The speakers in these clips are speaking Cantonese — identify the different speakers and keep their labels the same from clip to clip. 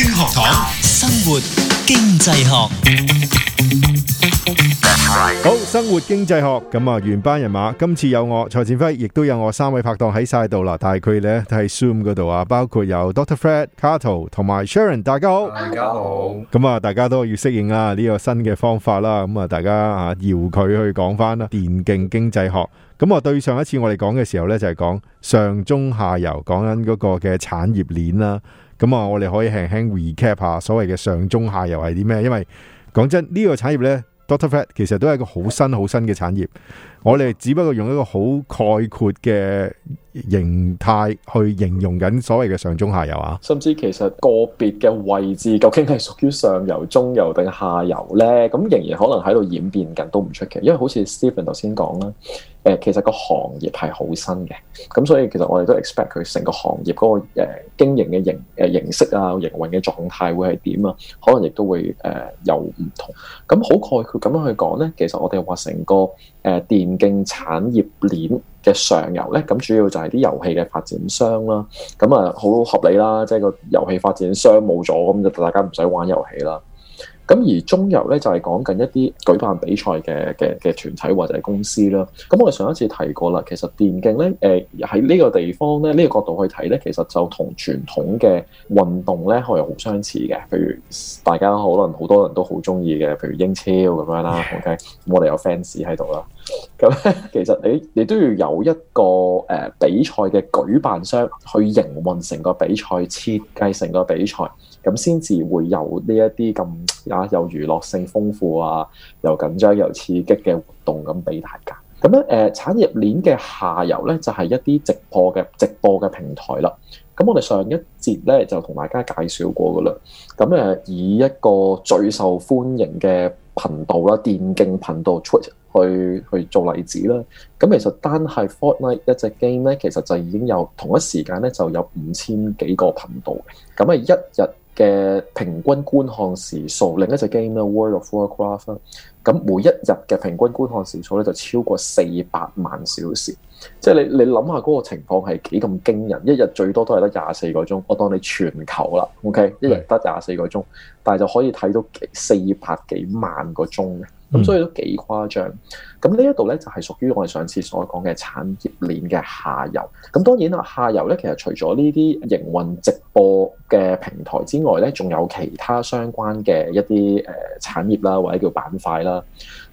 Speaker 1: 星生活經濟學。 好，生活經濟學。咁啊，原班人馬，今次有我蔡展輝，亦都有我三位拍檔喺晒度啦。但係佢呢，都喺 Zoom 嗰度啊，包括有 Doctor Fred Carto 同埋 Sharon，大家好。大家好。咁啊，大家都要適應啦呢個新嘅方法啦。咁啊，大家啊，搖佢去講翻啦，電競經濟學。咁啊，對上一次我哋講嘅時候呢，就係講上中下游，講緊嗰個嘅產業鏈啦。咁啊、嗯，我哋可以輕輕 recap 下所謂嘅上中下游係啲咩？因為講真，呢、呢個產業呢 Doctor Fat 其實都係一個好新好新嘅產業。我哋只不過用一個好概括嘅形態去形容緊所謂嘅上中下游啊，甚至其實個別嘅位置究竟係屬於上游、中游定下游咧，咁仍然可能喺度演變緊都唔出奇，因為好似 Stephen 頭先講啦，誒、呃，其實個行業係好新嘅，咁所以其實我哋都 expect 佢成個行業嗰、嗰個誒、呃、經營嘅形誒形式啊、營運嘅狀態會係點啊，可能亦都會誒、呃、有唔同。咁好概括咁樣去講咧，其實我哋話成個誒、呃、電。電競產業鏈嘅上游咧，咁主要就係啲遊戲嘅發展商啦。咁啊，好合理啦，即係個遊戲發展商冇咗，咁就大家唔使玩遊戲啦。咁而中游咧就係講緊一啲舉辦比賽嘅嘅嘅團體或者係公司啦。咁、嗯、我哋上一次提過啦，其實電競咧，誒喺呢個地方咧，呢、這個角度去睇咧，其實就同傳統嘅運動咧，佢係好相似嘅。譬如大家可能好多人都好中意嘅，譬如英超咁樣啦。OK， 嗯、我哋有 fans 喺度啦。咁、嗯、其實你你都要有一個誒、呃、比賽嘅舉辦商去營運成個比賽，設計成個比賽。咁先至會有呢一啲咁啊，有娛樂性豐富啊，又緊張又刺激嘅活動咁俾大家。咁咧誒，產業鏈嘅下游咧，就係一啲直播嘅直播嘅平台啦。咁我哋上一節咧就同大家介紹過噶啦。咁誒，以一個最受歡迎嘅頻道啦，電競頻道出去去做例子啦。咁其實單係 Fortnite 一隻 game 咧，其實就已經有同一時間咧就有五千幾個頻道嘅。咁啊，一日嘅平均觀看時數，另一隻 game 咧《World of Warcraft》咁，每一日嘅平均觀看時數咧就超過四百萬小時，即係你你諗下嗰個情況係幾咁驚人？一日最多都係得廿四個鐘，我當你全球啦，OK？一日得廿四個鐘，但係就可以睇到幾，四百幾萬個鐘，咁所以都幾誇張。咁呢一度咧就係屬於我哋上次所講嘅產業鏈嘅下游。咁當然啦，下游咧其實除咗呢啲營運直播嘅平台之外咧，仲有其他相關嘅一啲誒、呃、產業啦，或者叫板塊啦。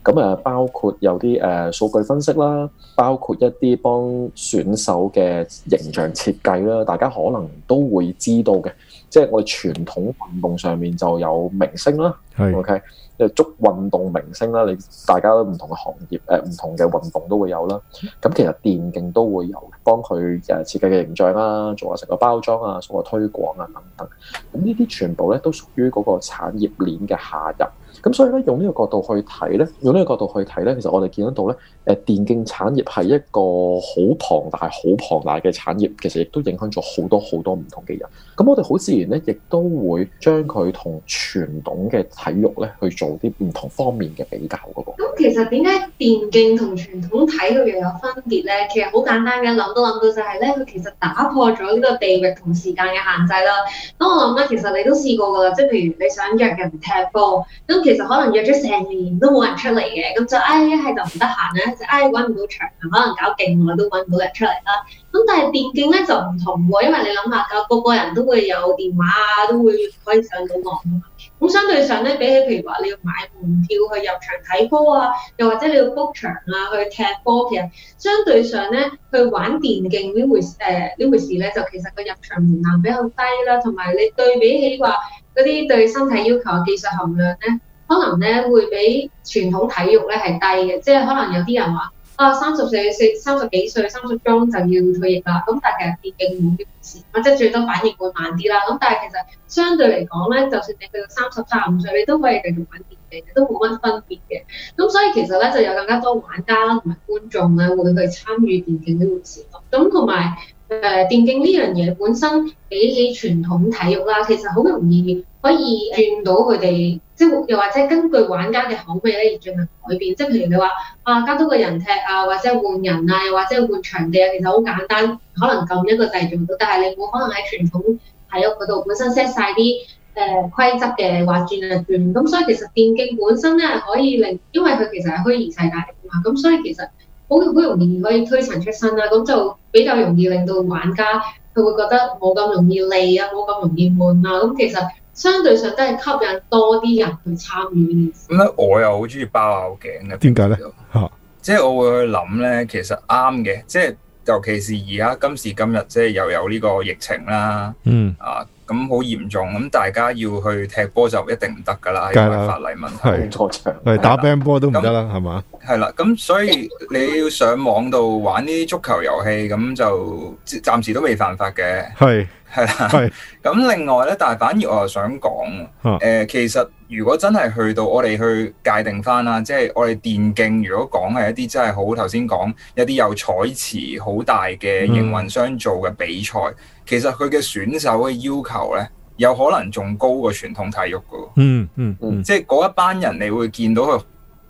Speaker 1: 咁、啊、誒包括有啲誒數據分析啦，包括一啲幫選手嘅形象設計啦，大家可能都會知道嘅。即係我哋傳統運動上面就有明星啦是，OK，即係捉運動明星啦。你大家都唔同嘅行業。誒唔同嘅運動都會有啦，咁其實電競都會有幫佢誒設計嘅形象啦，做下成個包裝啊，做下推廣啊等等，咁呢啲全部咧都屬於嗰個產業鏈嘅下入。咁所以咧，用呢個角度去睇咧，用呢個角度去睇咧，其實我哋見得到咧，誒、呃、電競產業係一個好龐大、好龐大嘅產業，其實亦都影響咗好多好多唔同嘅人。咁我哋好自然咧，亦都會將佢同傳統嘅體育咧去做啲唔同方面嘅比較嗰、嗰個。咁
Speaker 2: 其實點解電競同傳統體育又有分別咧？其實好簡單嘅，諗都諗到就係咧，佢其實打破咗呢個地域同時間嘅限制啦。咁我諗咧，其實你都試過㗎啦，即係譬如你想約人踢波，咁。其實可能約咗成年都冇人出嚟嘅，咁就唉一係就唔得閒啦，就唉揾唔到場，可能搞勁耐都揾唔到人出嚟啦。咁但係電競咧就唔同喎，因為你諗下㗎，個個人都會有電話啊，都會可以上到網啊嘛。咁相對上咧，比起譬如話你要買門票去入場睇波啊，又或者你要 book 場啊去踢波，其實相對上咧去玩電競呢回事、呃、回事呢回事咧，就其實個入場門檻比較低啦，同埋你對比起話嗰啲對身體要求啊、技術含量咧。可能咧會比傳統體育咧係低嘅，即係可能有啲人話啊，三十歲、四三十幾歲、三十中就要退役啦。咁但係其實電競冇呢回事，或者最多反應會慢啲啦。咁但係其實相對嚟講咧，就算你去到三十、三十五歲，你都可以繼續玩電競，都冇乜分別嘅。咁所以其實咧就有更加多玩家同埋觀眾咧會去參與電競呢回事咯。咁同埋誒電競呢樣嘢本身比起傳統體育啦，其實好容易可以轉到佢哋。即又或者根據玩家嘅口味咧而進行改變，即係譬如你話啊，加多個人踢啊，或者換人啊，又或者換場地啊，其實好簡單，可能撳一個掣做到。但係你冇可能喺傳統體育嗰度本身 set 曬啲誒規則嘅話轉啊轉。咁、嗯、所以其實電競本身咧可以令，因為佢其實係虛擬世界嚟㗎嘛，咁所以其實好好容易可以推陳出新啦。咁、啊、就比較容易令到玩家佢會覺得冇咁容易膩啊，冇咁容易悶啊。咁、嗯、其實。相對
Speaker 3: 上都係吸引多啲人去參與咁咧，我又好中意包拗頸嘅。點解咧？嚇，即係我會去諗咧，其實啱嘅。即係尤其是而家今時今日，即係又有呢個疫情啦，嗯啊，咁好嚴重。咁大家要去踢波就一定唔得㗎啦，因為法例問題。是是錯場係打乒乓
Speaker 1: 波都唔得啦，係嘛？
Speaker 3: 係那吧啦。咁所以你要上網度玩啲足球遊戲，咁就暫時都未犯法嘅。係。係啦，咁 另外咧，但係反而我又想講誒、呃，其實如果真係去到我哋去界定翻啦，即係我哋電競如果講係一啲真係好頭先講一啲有彩池好大嘅營運商做嘅比賽，嗯、其實佢嘅選手嘅要求咧，有可能仲高過傳統體育㗎、嗯。嗯嗯嗯，即係嗰一班人，你會見到佢。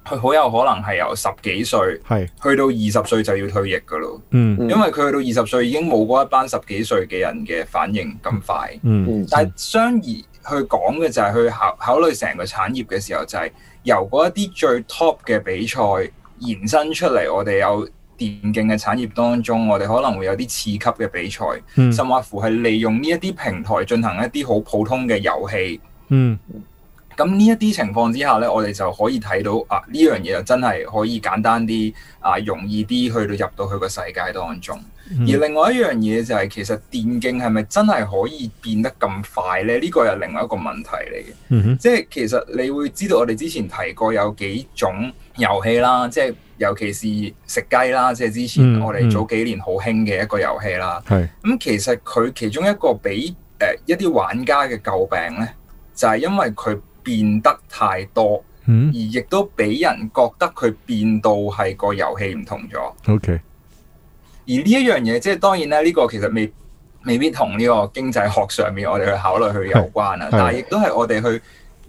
Speaker 3: 佢好有可能係由十幾歲，係是去到二十歲就要退役噶咯。嗯，因為佢去到二十歲已經冇嗰一班十幾歲嘅人嘅反應咁快。嗯，但係相而去講嘅就係去考考慮成個產業嘅時候，就係由嗰一啲最 top 嘅比賽延伸出嚟，我哋有電競嘅產業當中，我哋可能會有啲次級嘅比賽，嗯、甚或乎係利用呢一啲平台進行一啲好普通嘅遊戲。
Speaker 2: 嗯。嗯。
Speaker 3: 咁呢一啲情況之下呢，我哋就可以睇到啊呢樣嘢就真係可以簡單啲啊，容易啲去到入到去個世界當中。嗯、而另外一樣嘢就係、是、其實電競係咪真係可以變得咁快呢？呢、呢個又另外一個問題嚟嘅。嗯嗯、即係其實你會知道我哋之前提過有幾種遊戲啦，即係尤其是食雞啦，即係之前我哋早幾年好興嘅一個遊戲啦。係咁，其實佢其中一個俾誒、呃、一啲玩家嘅詬病呢，就係、是、因為佢。變得太多，而亦都俾人覺得佢變到係個遊戲唔同咗。
Speaker 1: OK. 而
Speaker 3: 呢一樣嘢，即係當然咧，呢個其實未未必同呢個經濟學上面我哋去考慮去有關啊。但係亦都係我哋去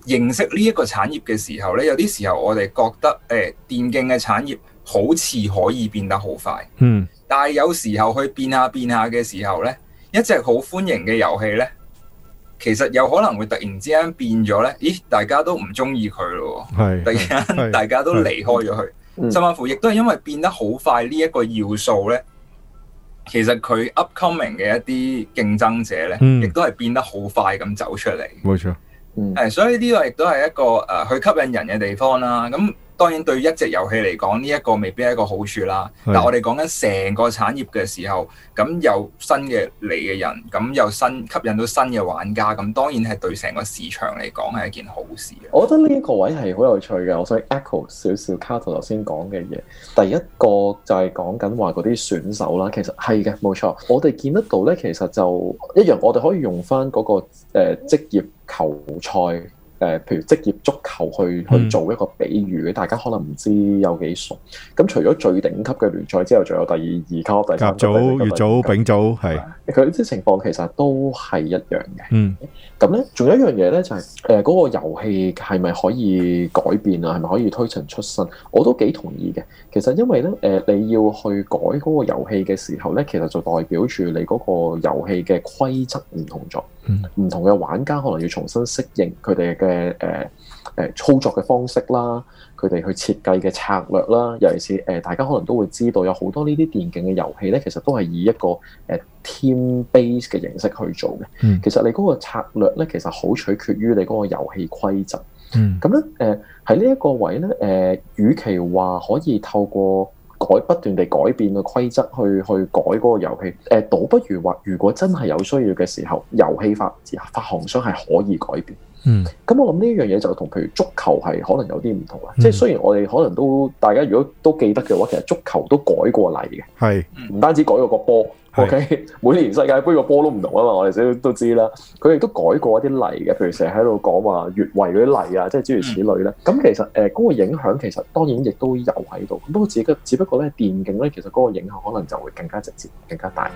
Speaker 3: 認識呢一個產業嘅時候呢，有啲時候我哋覺得誒、欸、電競嘅產業好似可以變得好快，嗯。但係有時候去變下變下嘅時候呢，一隻好歡迎嘅遊戲呢，其實有可能會突然之間變咗咧，咦？大家都唔鍾意佢咯，係是突然間大家都離開咗佢，甚至乎，亦都係因為變得好快呢一個要素咧，嗯、其實佢 upcoming 嘅一啲競爭者咧，亦都係變得好快咁走出嚟。冇錯，係、嗯、所以呢個亦都係一個誒、呃、去吸引人嘅地方啦、啊。咁。當然對一隻遊戲嚟講，呢一個未必係一個好處啦。的但我哋講緊成個產業嘅時候，咁有新嘅嚟嘅人，咁有新吸引到新嘅玩家，咁當然係對成個市場嚟講係一件好事，
Speaker 1: 我覺得呢一個位係好有趣嘅，我想 echo 少少卡 a r 頭先講嘅嘢。第一個就係講緊話嗰啲選手啦，其實係嘅，冇錯。我哋見得到呢，其實就一樣，我哋可以用翻嗰、那個誒、呃、職業球賽。誒、呃，譬如職業足球去去做一個比喻，嗯、大家可能唔知有幾熟。咁除咗最頂級嘅聯賽之後，仲有第二、二級、第三組、甲組、乙組、丙組，係。佢呢啲情況其實都係一樣嘅。嗯，咁咧，仲有一樣嘢咧，就係誒嗰個遊戲係咪可以改變啊？係咪可以推陳出新？我都幾同意嘅。其實因為咧，誒、呃、你要去改嗰個遊戲嘅時候咧，其實就代表住你嗰個遊戲嘅規則唔同咗，嗯、唔同嘅玩家可能要重新適應佢哋嘅誒誒操作嘅方式啦，佢哋去設計嘅策略啦。尤其是誒、呃、大家可能都會知道，有好多呢啲電競嘅遊戲咧，其實都係以一個誒。呃 Team base 嘅形式去做嘅，嗯，其實你嗰個策略咧，其實好取決於你嗰個遊戲規則。咁咧、嗯，誒喺呢一、呃、個位咧，誒、呃，與其話可以透過改不斷地改變個規則去去改嗰個遊戲，倒、呃、不如話，如果真係有需要嘅時候，遊戲發發行商係可以改變。嗯，咁我諗呢樣嘢就同譬如足球係可能有啲唔同啊，嗯、即係雖然我哋可能都大家如果都記得嘅話，其實足球都改過例嘅，係唔是單止改過個波是，OK， 每年世界盃個波都唔同啊嘛，我哋都知啦，佢亦都改過一啲例嘅，譬如成日喺度講話越位嗰啲例啊，即係諸如此類咧。咁、嗯、其實誒，嗰、呃嗰個影響其實當然亦都有喺度，不過只不只不過咧電競咧，其實嗰個影響可能就會更加直接、更加大。